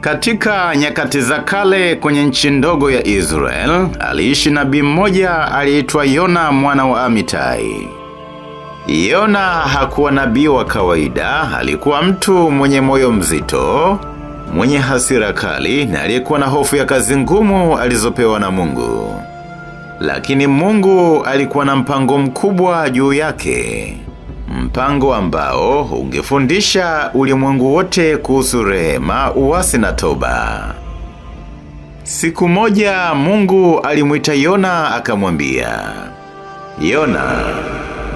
Katika nyakati za kale kwenye nchi ndogo ya Israel, aliishi nabii mmoja aliyeitwa Yona mwana wa Amitai. Yona hakuwa nabii wa kawaida, alikuwa mtu mwenye moyo mzito, mwenye hasira kali na aliyekuwa na hofu ya kazi ngumu alizopewa na Mungu. Lakini Mungu alikuwa na mpango mkubwa juu yake mpango ambao ungefundisha ulimwengu wote kuhusu rehema, uasi na toba. Siku moja Mungu alimwita Yona akamwambia, Yona,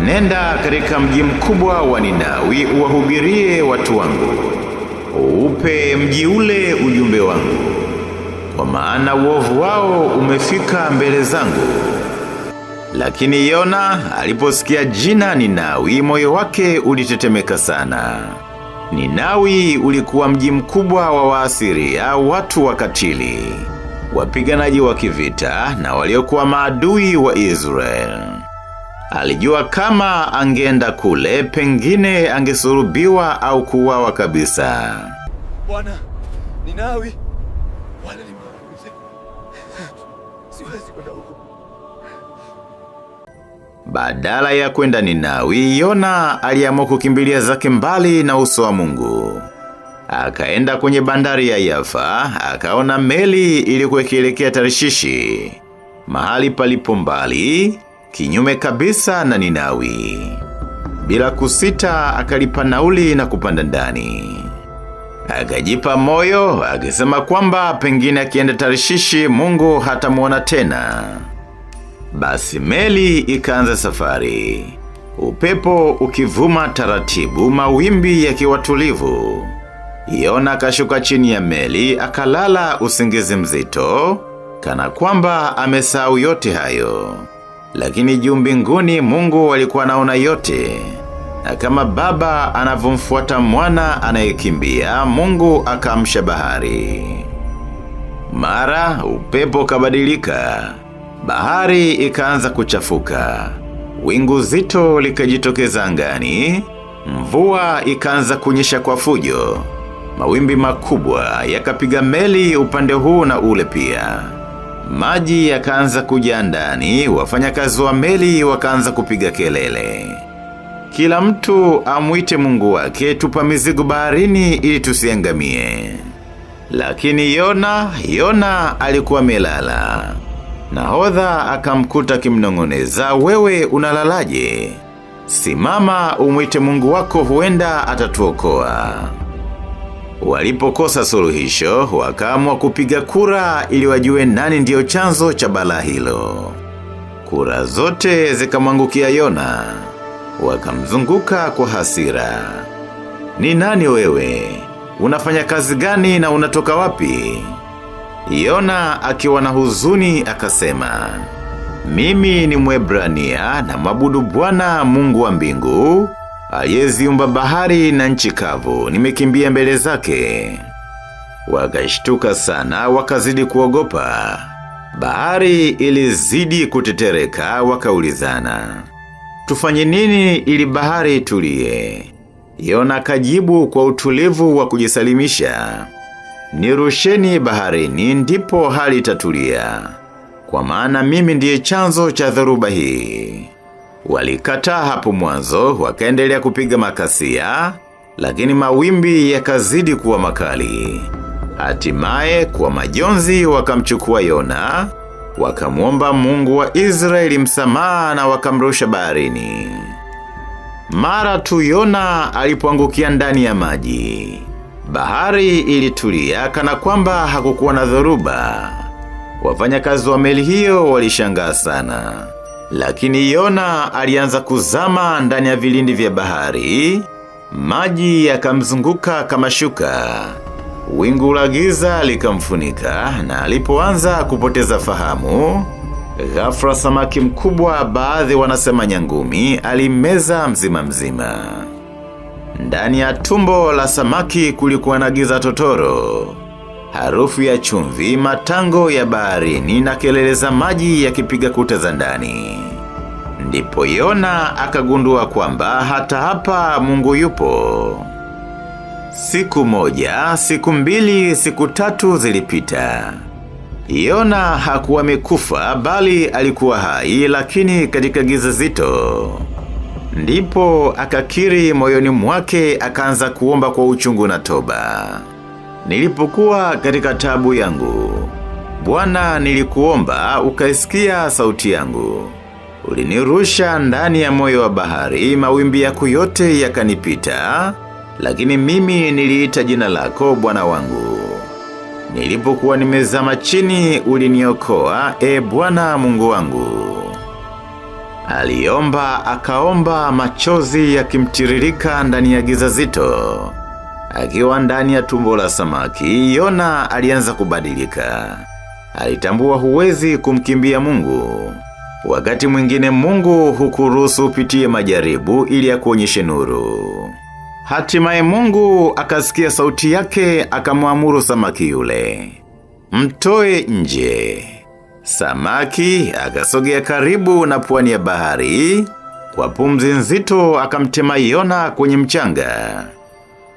nenda katika mji mkubwa wa Ninawi uwahubirie watu wangu, uupe mji ule ujumbe wangu, kwa maana uovu wao umefika mbele zangu lakini Yona aliposikia jina Ninawi moyo wake ulitetemeka sana. Ninawi ulikuwa mji mkubwa wa waasiri au watu wakatili. Wapiganaji wa kivita na waliokuwa maadui wa Israel. Alijua kama angeenda kule pengine angesurubiwa au kuuawa kabisa. Bwana, Ninawi wale ni maadui. Siwezi kwenda huko. Badala ya kwenda Ninawi, Yona aliamua kukimbilia zake mbali na uso wa Mungu. Akaenda kwenye bandari ya Yafa, akaona meli ilikuwa ikielekea tarishishi. mahali palipo mbali, kinyume kabisa na Ninawi. Bila kusita, akalipa nauli na kupanda ndani. Akajipa moyo, akisema kwamba pengine akienda tarishishi Mungu hatamuona tena. Basi meli ikaanza safari. Upepo ukivuma taratibu, mawimbi yakiwatulivu Yona akashuka chini ya meli, akalala usingizi mzito, kana kwamba amesahau yote hayo. Lakini juu mbinguni Mungu alikuwa anaona yote. Na kama baba anavyomfuata mwana anayekimbia, Mungu akaamsha bahari. Mara upepo ukabadilika bahari ikaanza kuchafuka. Wingu zito likajitokeza angani, mvua ikaanza kunyesha kwa fujo. Mawimbi makubwa yakapiga meli upande huu na ule pia. Maji yakaanza kuja ndani, wafanyakazi wa meli wakaanza kupiga kelele. Kila mtu amwite Mungu wake tupa mizigo baharini ili tusiangamie. Lakini Yona, Yona alikuwa melala. Nahodha akamkuta kimnong'oneza, wewe unalalaje? Simama umwite Mungu wako, huenda atatuokoa. Walipokosa suluhisho, wakamwa kupiga kura ili wajue nani ndiyo chanzo cha bala hilo. Kura zote zikamwangukia Yona, wakamzunguka kwa hasira. Ni nani wewe? Unafanya kazi gani na unatoka wapi? Yona akiwa na huzuni akasema, Mimi ni Mwebrania na mwabudu bwana mungu wa mbingu, aliyeziumba bahari na nchi kavu, nimekimbia mbele zake. Wakashtuka sana, wakazidi kuogopa. Bahari ilizidi kutetereka, wakaulizana. Tufanye nini ili bahari itulie? Yona kajibu kwa utulivu wa kujisalimisha nirusheni baharini ndipo hali tatulia Kwa maana mimi ndiye chanzo cha dhoruba hii. Walikataa hapo mwanzo, wakaendelea kupiga makasia, lakini mawimbi yakazidi kuwa makali. Hatimaye kwa majonzi wakamchukua Yona, wakamwomba Mungu wa Israeli msamaha na wakamrusha baharini. Mara tu Yona alipoangukia ndani ya maji, Bahari ilitulia kana kwamba hakukuwa na dhoruba. Wafanyakazi wa meli hiyo walishangaa sana. Lakini Yona alianza kuzama ndani ya vilindi vya bahari. Maji yakamzunguka kama shuka. Wingu la giza likamfunika na alipoanza kupoteza fahamu, ghafla samaki mkubwa baadhi wanasema nyangumi alimeza mzima mzima. Ndani ya tumbo la samaki kulikuwa na giza totoro. Harufu ya chumvi, matango ya baharini na kelele za maji yakipiga kuta za ndani. Ndipo Yona akagundua kwamba hata hapa Mungu yupo. Siku moja, siku mbili, siku tatu zilipita. Yona hakuwa amekufa bali alikuwa hai lakini katika giza zito. Ndipo akakiri moyoni mwake akaanza kuomba kwa uchungu na toba. Nilipokuwa katika tabu yangu. Bwana nilikuomba ukaisikia sauti yangu. Ulinirusha ndani ya moyo wa bahari mawimbi yako yote yakanipita, lakini mimi niliita jina lako bwana wangu. Nilipokuwa nimezama chini uliniokoa, e Bwana Mungu wangu. Aliomba akaomba machozi kimtiririka ndani ya giza zito. Akiwa ndani ya tumbo la samaki, Yona alianza kubadilika. Alitambua huwezi kumkimbia Mungu. Wakati mwingine Mungu hukuruhusu upitie majaribu ili akuonyeshe nuru. Hatimaye Mungu akasikia sauti yake akamwamuru samaki yule. Mtoe nje. Samaki akasogea karibu na pwani ya bahari, kwa pumzi nzito akamtema Yona kwenye mchanga.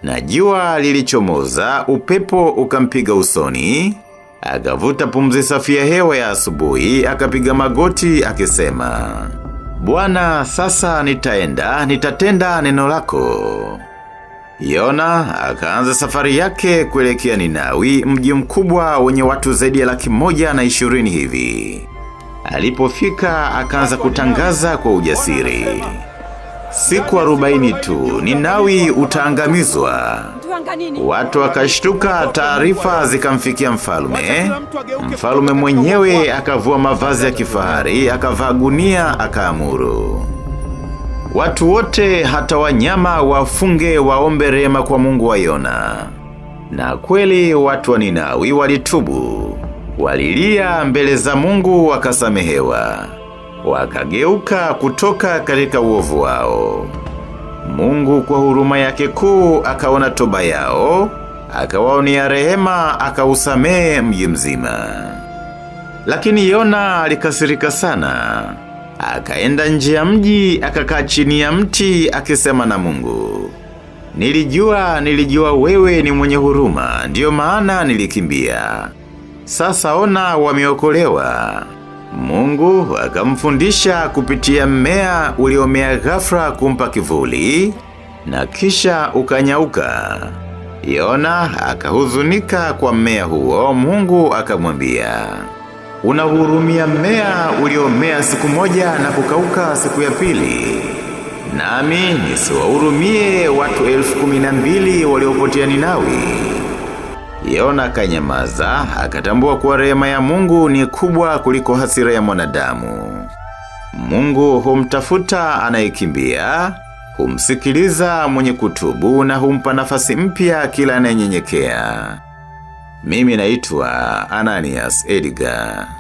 Na jua lilichomoza, upepo ukampiga usoni, akavuta pumzi safi ya hewa ya asubuhi, akapiga magoti akisema, Bwana, sasa nitaenda, nitatenda neno lako. Yona akaanza safari yake kuelekea Ninawi mji mkubwa wenye watu zaidi ya laki moja na ishirini hivi. Alipofika akaanza kutangaza kwa ujasiri. Siku arobaini tu Ninawi utaangamizwa. Watu wakashtuka, taarifa zikamfikia mfalme. Mfalme mwenyewe akavua mavazi ya kifahari, akavaa gunia, akaamuru watu wote hata wanyama wafunge waombe rehema kwa Mungu wa Yona. Na kweli watu wa Ninawi walitubu, walilia mbele za Mungu wakasamehewa, wakageuka kutoka katika uovu wao. Mungu kwa huruma yake kuu akaona toba yao, akawaonea rehema, akausamehe mji mzima. Lakini Yona alikasirika sana. Akaenda nje ya mji, akakaa chini ya mti, akisema na Mungu. Nilijua, nilijua wewe ni mwenye huruma, ndiyo maana nilikimbia. Sasa ona wameokolewa. Mungu akamfundisha kupitia mmea uliomea ghafra kumpa kivuli na kisha ukanyauka. Yona akahuzunika kwa mmea huo, Mungu akamwambia unahurumia mmea uliomea siku moja na kukauka siku ya pili, nami nisiwahurumie watu elfu kumi na mbili waliopotea Ninawi. Yona kanyamaza, akatambua kuwa rehema ya Mungu ni kubwa kuliko hasira ya mwanadamu. Mungu humtafuta anayekimbia, humsikiliza mwenye kutubu na humpa nafasi mpya kila anayenyenyekea. Mimi naitwa Ananias Edgar.